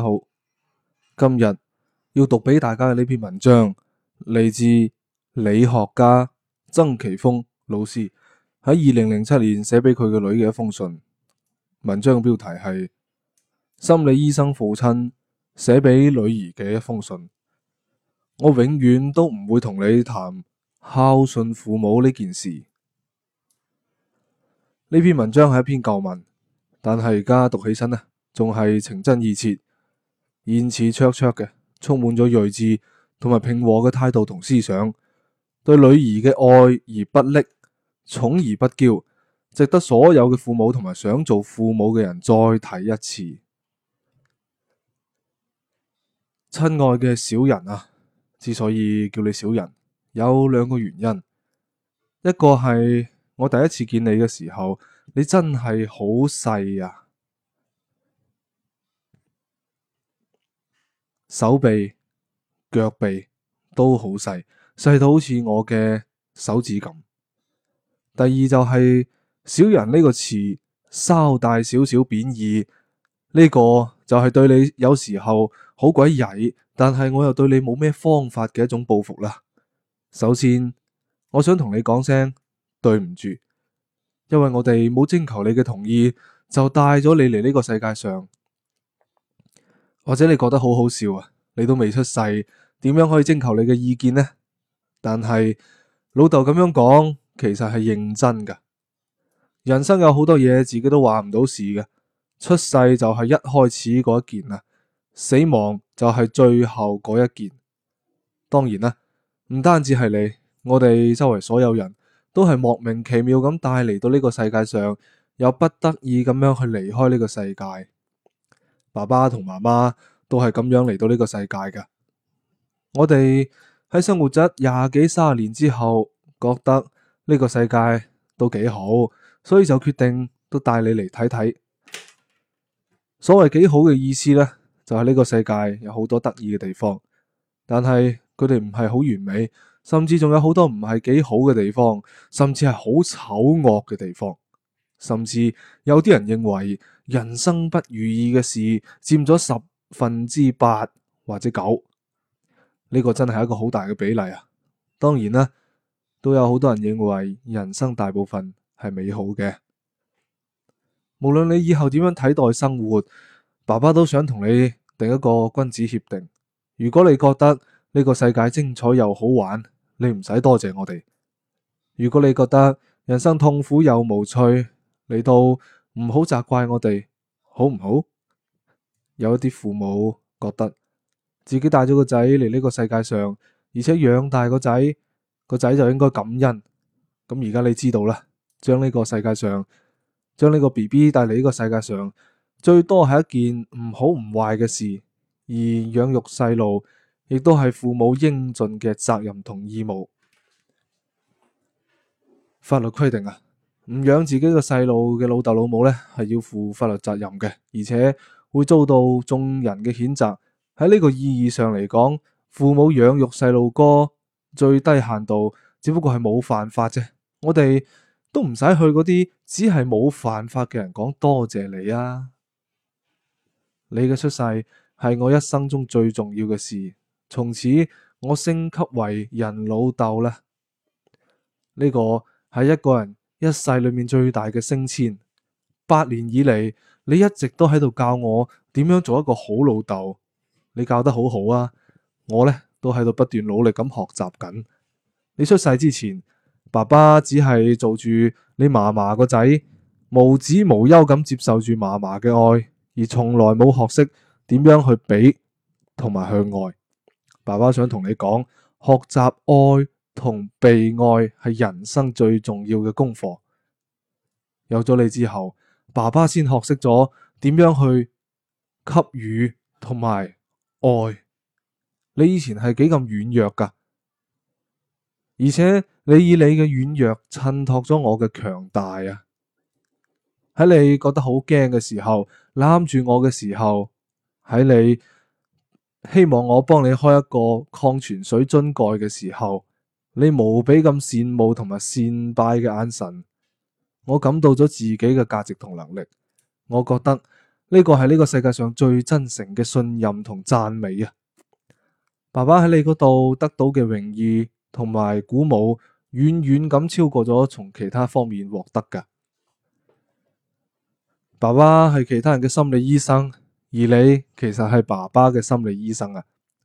好，今日要讀俾大家嘅呢篇文章嚟自理學家曾奇峰老師喺二零零七年寫俾佢嘅女嘅一封信。文章嘅標題係心理醫生父親寫俾女兒嘅一封信。我永遠都唔會同你談孝順父母呢件事。呢篇文章係一篇舊文，但係而家讀起身呢，仲係情真意切。言辭灼灼嘅，充滿咗睿智同埋平和嘅態度同思想，對女兒嘅愛而不溺，寵而不嬌，值得所有嘅父母同埋想做父母嘅人再睇一次。親愛嘅小人啊，之所以叫你小人，有兩個原因，一個係我第一次見你嘅時候，你真係好細啊。手臂、腳臂都好細，細到好似我嘅手指咁。第二就係、是、小人呢個詞稍帶少少貶義，呢、這個就係對你有時候好鬼曳，但係我又對你冇咩方法嘅一種報復啦。首先，我想同你講聲對唔住，因為我哋冇徵求你嘅同意，就帶咗你嚟呢個世界上。或者你覺得好好笑啊？你都未出世，點樣可以徵求你嘅意見呢？但係老豆咁樣講，其實係認真噶。人生有好多嘢自己都話唔到事嘅，出世就係一開始嗰一件啊，死亡就係最後嗰一件。當然啦，唔單止係你，我哋周圍所有人都係莫名其妙咁帶嚟到呢個世界上，又不得已咁樣去離開呢個世界。爸爸同媽媽都係咁樣嚟到呢個世界嘅。我哋喺生活咗廿幾三十年之後，覺得呢個世界都幾好，所以就決定都帶你嚟睇睇。所謂幾好嘅意思呢，就係呢個世界有好多得意嘅地方，但係佢哋唔係好完美，甚至仲有好多唔係幾好嘅地方，甚至係好醜惡嘅地方，甚至有啲人認為。人生不如意嘅事佔咗十分之八或者九，呢個真係一個好大嘅比例啊！當然啦，都有好多人認為人生大部分係美好嘅。無論你以後點樣睇待生活，爸爸都想同你定一個君子協定。如果你覺得呢個世界精彩又好玩，你唔使多謝我哋；如果你覺得人生痛苦又無趣，你都。唔好責怪我哋，好唔好？有一啲父母覺得自己帶咗個仔嚟呢個世界上，而且養大個仔，個仔就應該感恩。咁而家你知道啦，將呢個世界上，將呢個 BB 帶嚟呢個世界上，最多係一件唔好唔壞嘅事。而養育細路亦都係父母應盡嘅責任同義務。法律規定啊。唔養自己個細路嘅老豆老母呢，係要負法律責任嘅，而且會遭到眾人嘅譴責。喺呢個意義上嚟講，父母養育細路哥最低限度只不過係冇犯法啫。我哋都唔使去嗰啲只係冇犯法嘅人講多謝你啊，你嘅出世係我一生中最重要嘅事，從此我升級爲人老豆啦。呢個係一個人一世裏面最大嘅升遷，八年以嚟你一直都喺度教我點樣做一個好老豆，你教得好好啊！我呢都喺度不斷努力咁學習緊。你出世之前，爸爸只係做住你嫲嫲個仔，無止無休咁接受住嫲嫲嘅愛，而從來冇學識點樣去俾同埋去愛。爸爸想同你講，學習愛。同被愛係人生最重要嘅功課。有咗你之後，爸爸先學識咗點樣去給予同埋愛。你以前係幾咁軟弱噶，而且你以你嘅軟弱襯托咗我嘅強大啊！喺你覺得好驚嘅時候，攬住我嘅時候，喺你希望我幫你開一個礦泉水樽蓋嘅時候。你無比咁羨慕同埋善拜嘅眼神，我感到咗自己嘅價值同能力。我覺得呢個係呢個世界上最真誠嘅信任同讚美啊！爸爸喺你嗰度得到嘅榮譽同埋鼓舞，遠遠咁超過咗從其他方面獲得㗎。爸爸係其他人嘅心理醫生，而你其實係爸爸嘅心理醫生啊！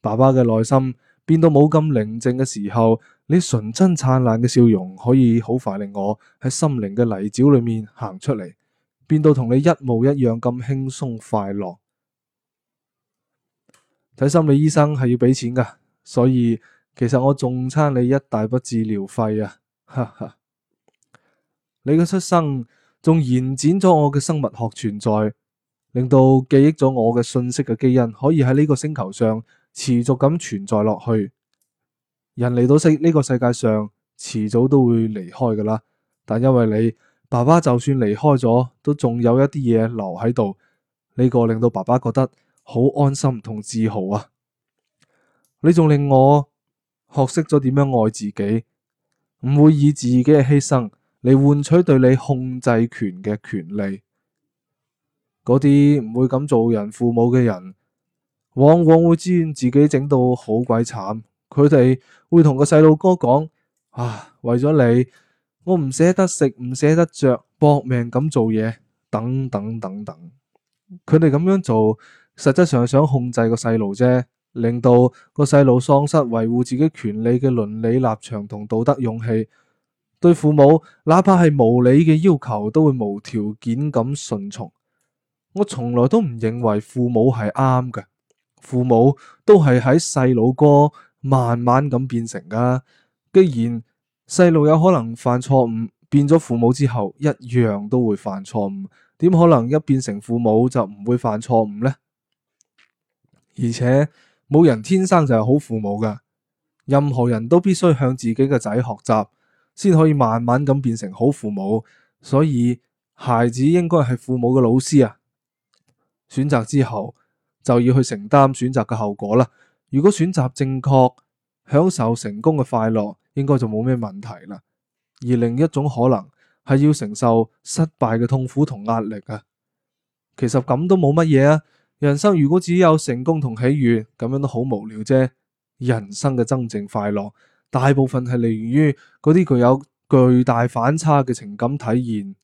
爸爸嘅內心變到冇咁寧靜嘅時候。你純真燦爛嘅笑容，可以好快令我喺心靈嘅泥沼裏面行出嚟，變到同你一模一樣咁輕鬆快樂。睇心理醫生係要俾錢㗎，所以其實我仲差你一大筆治療費啊！哈哈，你嘅出生仲延展咗我嘅生物學存在，令到記憶咗我嘅信息嘅基因可以喺呢個星球上持續咁存在落去。人嚟到世呢個世界上，遲早都會離開㗎喇。但因為你爸爸就算離開咗，都仲有一啲嘢留喺度，呢個令到爸爸覺得好安心同自豪啊！你仲令我學識咗點樣愛自己，唔會以自己嘅犧牲嚟換取對你控制權嘅權利。嗰啲唔會咁做人父母嘅人，往往會自願自己整到好鬼慘。佢哋會同個細路哥講啊，為咗你，我唔捨得食，唔捨得着，搏命咁做嘢，等等等等。佢哋咁樣做，實質上想控制個細路啫，令到個細路喪失維護自己權利嘅倫理立場同道德勇氣，對父母哪怕係無理嘅要求，都會無條件咁順從。我從來都唔認為父母係啱嘅，父母都係喺細路哥慢慢咁變成噶。既然細路有可能犯錯誤，變咗父母之後一樣都會犯錯誤，點可能一變成父母就唔會犯錯誤呢？而且冇人天生就係好父母噶，任何人都必須向自己嘅仔學習，先可以慢慢咁變成好父母。所以孩子應該係父母嘅老師啊，選擇之後就要去承擔選擇嘅後果啦。如果選擇正確，享受成功嘅快樂，應該就冇咩問題啦。而另一種可能係要承受失敗嘅痛苦同壓力啊。其實咁都冇乜嘢啊。人生如果只有成功同喜悅，咁樣都好無聊啫。人生嘅真正快樂，大部分係來源於嗰啲具有巨大反差嘅情感體驗。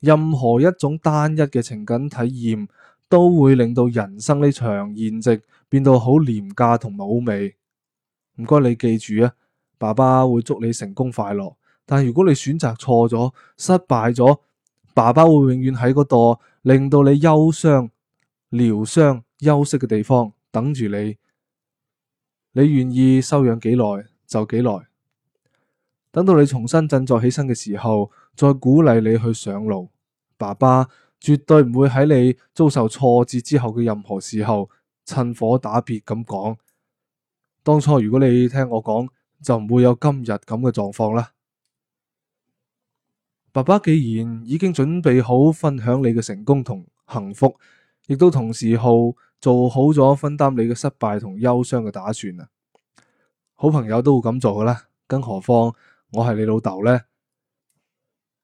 任何一種單一嘅情感體驗。都會令到人生呢場宴席變到好廉價同冇味，唔該你記住啊！爸爸會祝你成功快樂，但如果你選擇錯咗、失敗咗，爸爸會永遠喺嗰度令到你憂傷、療傷、休息嘅地方等住你。你願意收養幾耐就幾耐，等到你重新振作起身嘅時候，再鼓勵你去上路。爸爸。絕對唔會喺你遭受挫折之後嘅任何時候趁火打劫咁講，當初如果你聽我講，就唔會有今日咁嘅狀況啦。爸爸既然已經準備好分享你嘅成功同幸福，亦都同時好做好咗分擔你嘅失敗同憂傷嘅打算啊。好朋友都會咁做嘅啦，更何況我係你老豆呢？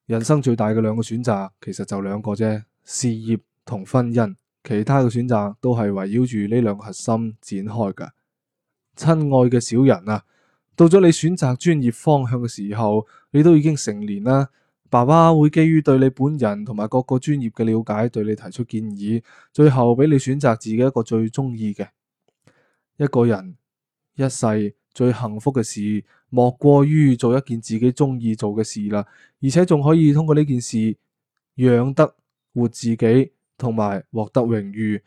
人生最大嘅兩個選擇，其實就兩個啫。事業同婚姻，其他嘅選擇都係圍繞住呢兩個核心展開嘅。親愛嘅小人啊，到咗你選擇專業方向嘅時候，你都已經成年啦。爸爸會基於對你本人同埋各個專業嘅了解，對你提出建議，最後俾你選擇自己一個最中意嘅。一個人一世最幸福嘅事，莫過於做一件自己中意做嘅事啦，而且仲可以通過呢件事養得活自己同埋獲得榮譽，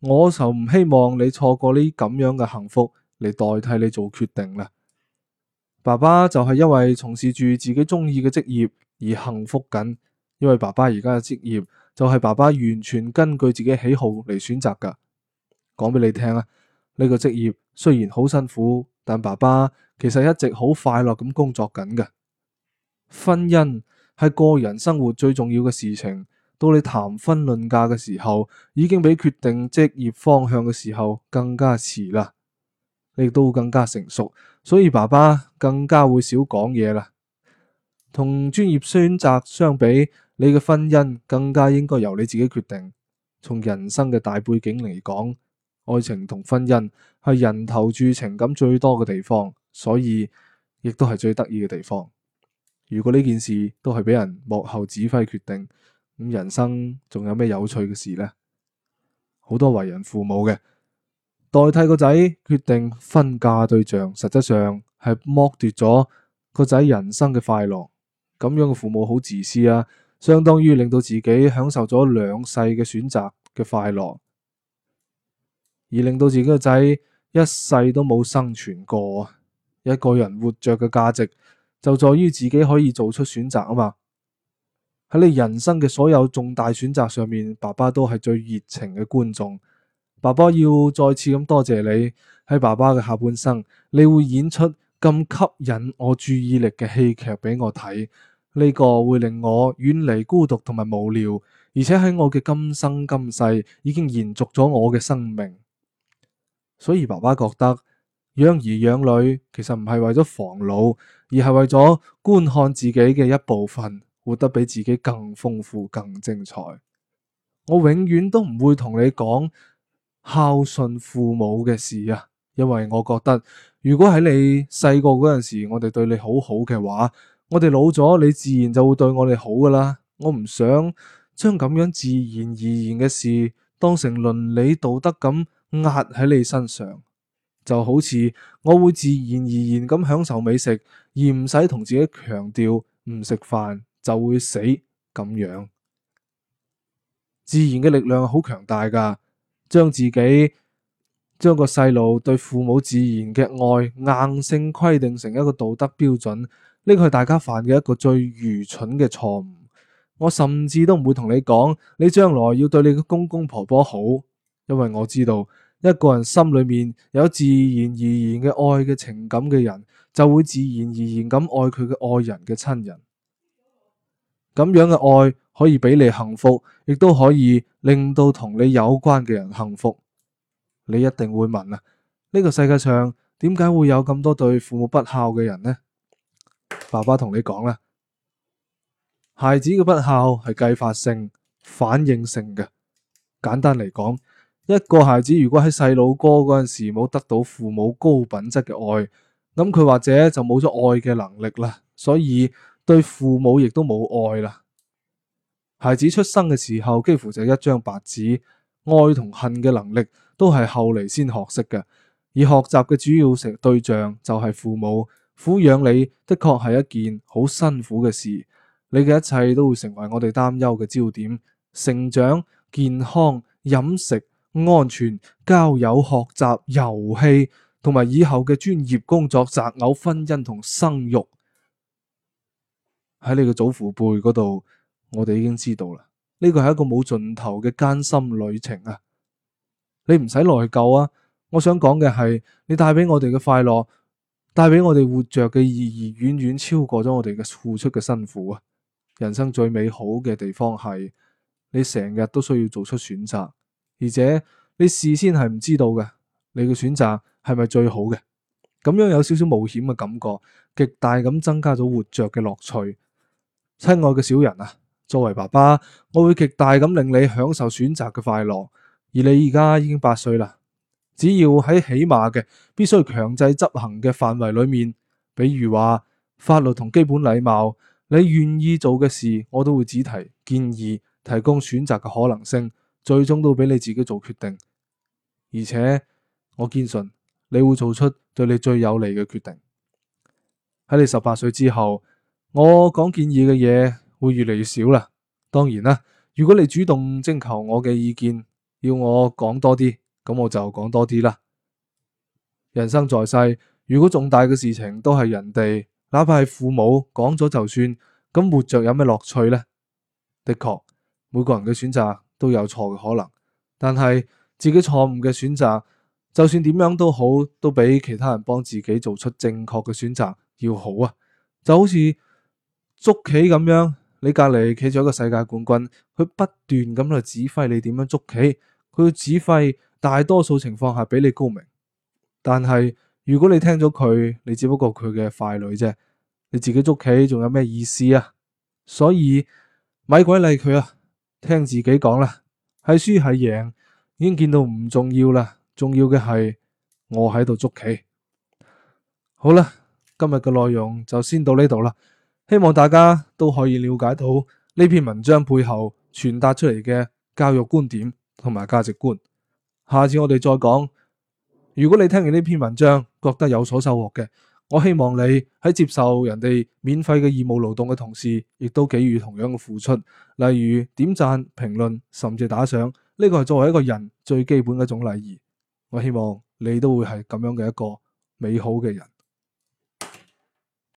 我就唔希望你錯過呢咁樣嘅幸福嚟代替你做決定啦。爸爸就係因為從事住自己中意嘅職業而幸福緊，因為爸爸而家嘅職業就係爸爸完全根據自己喜好嚟選擇噶。講俾你聽啊，呢個職業雖然好辛苦，但爸爸其實一直好快樂咁工作緊噶。婚姻係個人生活最重要嘅事情。到你談婚論嫁嘅時候，已經比決定職業方向嘅時候更加遲啦。你亦都更加成熟，所以爸爸更加會少講嘢啦。同專業選擇相比，你嘅婚姻更加應該由你自己決定。從人生嘅大背景嚟講，愛情同婚姻係人投注情感最多嘅地方，所以亦都係最得意嘅地方。如果呢件事都係俾人幕後指揮決定，咁人生仲有咩有趣嘅事呢？好多為人父母嘅，代替個仔決定婚嫁對象，實質上係剝奪咗個仔人生嘅快樂。咁樣嘅父母好自私啊！相當於令到自己享受咗兩世嘅選擇嘅快樂，而令到自己個仔一世都冇生存過。一個人活着嘅價值，就在於自己可以做出選擇啊嘛。喺你人生嘅所有重大選擇上面，爸爸都係最熱情嘅觀眾。爸爸要再次咁多謝你喺爸爸嘅下半生，你會演出咁吸引我注意力嘅戲劇俾我睇，呢個會令我遠離孤獨同埋無聊，而且喺我嘅今生今世已經延續咗我嘅生命。所以爸爸覺得養兒養女其實唔係為咗防老，而係為咗觀看自己嘅一部分。活得比自己更豐富、更精彩。我永遠都唔會同你講孝順父母嘅事啊，因為我覺得如果喺你細個嗰陣時，我哋對你好好嘅話，我哋老咗，你自然就會對我哋好噶啦。我唔想將咁樣自然而然嘅事當成倫理道德咁壓喺你身上，就好似我會自然而然咁享受美食，而唔使同自己強調唔食飯就會死咁樣。自然嘅力量好強大噶，將自己將個細路對父母自然嘅愛，硬性規定成一個道德標準，呢個係大家犯嘅一個最愚蠢嘅錯誤。我甚至都唔會同你講，你將來要對你嘅公公婆婆好，因為我知道一個人心裏面有自然而然嘅愛嘅情感嘅人，就會自然而然咁愛佢嘅愛人嘅親人。咁樣嘅愛可以俾你幸福，亦都可以令到同你有關嘅人幸福。你一定會問啊，呢個世界上點解會有咁多對父母不孝嘅人呢？爸爸同你講啦，孩子嘅不孝係繼發性、反應性嘅。簡單嚟講，一個孩子如果喺細佬哥嗰陣時冇得到父母高品質嘅愛，咁佢或者就冇咗愛嘅能力啦，所以，對父母亦都冇愛啦。孩子出生嘅時候，幾乎就係一張白紙，愛同恨嘅能力都係後嚟先學識嘅。而學習嘅主要成對象就係父母。撫養你，的確係一件好辛苦嘅事。你嘅一切都會成為我哋擔憂嘅焦點：成長、健康、飲食、安全、交友、學習、遊戲，同埋以後嘅專業工作、擇偶、婚姻同生育。喺你嘅祖父輩嗰度，我哋已經知道啦。呢個係一個冇盡頭嘅艱辛旅程啊！你唔使內疚啊！我想講嘅係，你帶俾我哋嘅快樂，帶俾我哋活着嘅意義，遠遠超過咗我哋嘅付出嘅辛苦啊！人生最美好嘅地方係，你成日都需要做出選擇，而且你事先係唔知道嘅，你嘅選擇係咪最好嘅？咁樣有少少冒險嘅感覺，極大咁增加咗活着嘅樂趣。親愛嘅小人啊，作為爸爸，我會極大咁令你享受選擇嘅快樂。而你而家已經八歲啦，只要喺起碼嘅必須強制執行嘅範圍裏面，比如話法律同基本禮貌，你願意做嘅事，我都會只提建議，提供選擇嘅可能性，最終都俾你自己做決定。而且我堅信你會做出對你最有利嘅決定。喺你十八歲之後。我講建議嘅嘢會越嚟越少啦。當然啦，如果你主動徵求我嘅意見，要我講多啲，咁我就講多啲啦。人生在世，如果重大嘅事情都係人哋，哪怕係父母講咗就算，咁活着有咩樂趣呢？的確，每個人嘅選擇都有錯嘅可能，但係自己錯誤嘅選擇，就算點樣都好，都比其他人幫自己做出正確嘅選擇要好啊。就好似。捉棋咁樣，你隔籬企咗一個世界冠軍，佢不斷咁去指揮你點樣捉棋，佢嘅指揮大多數情況下比你高明。但係如果你聽咗佢，你只不過佢嘅傀儡啫，你自己捉棋仲有咩意思啊？所以咪鬼理佢啊！聽自己講啦，係輸係贏已經見到唔重要啦，重要嘅係我喺度捉棋。好啦，今日嘅內容就先到呢度啦。希望大家都可以了解到呢篇文章背後傳達出嚟嘅教育觀點同埋價值觀。下次我哋再講。如果你聽完呢篇文章覺得有所收穫嘅，我希望你喺接受人哋免費嘅義務勞動嘅同時，亦都給予同樣嘅付出，例如點讚、評論甚至打賞。呢個係作為一個人最基本嘅一種禮儀。我希望你都會係咁樣嘅一個美好嘅人。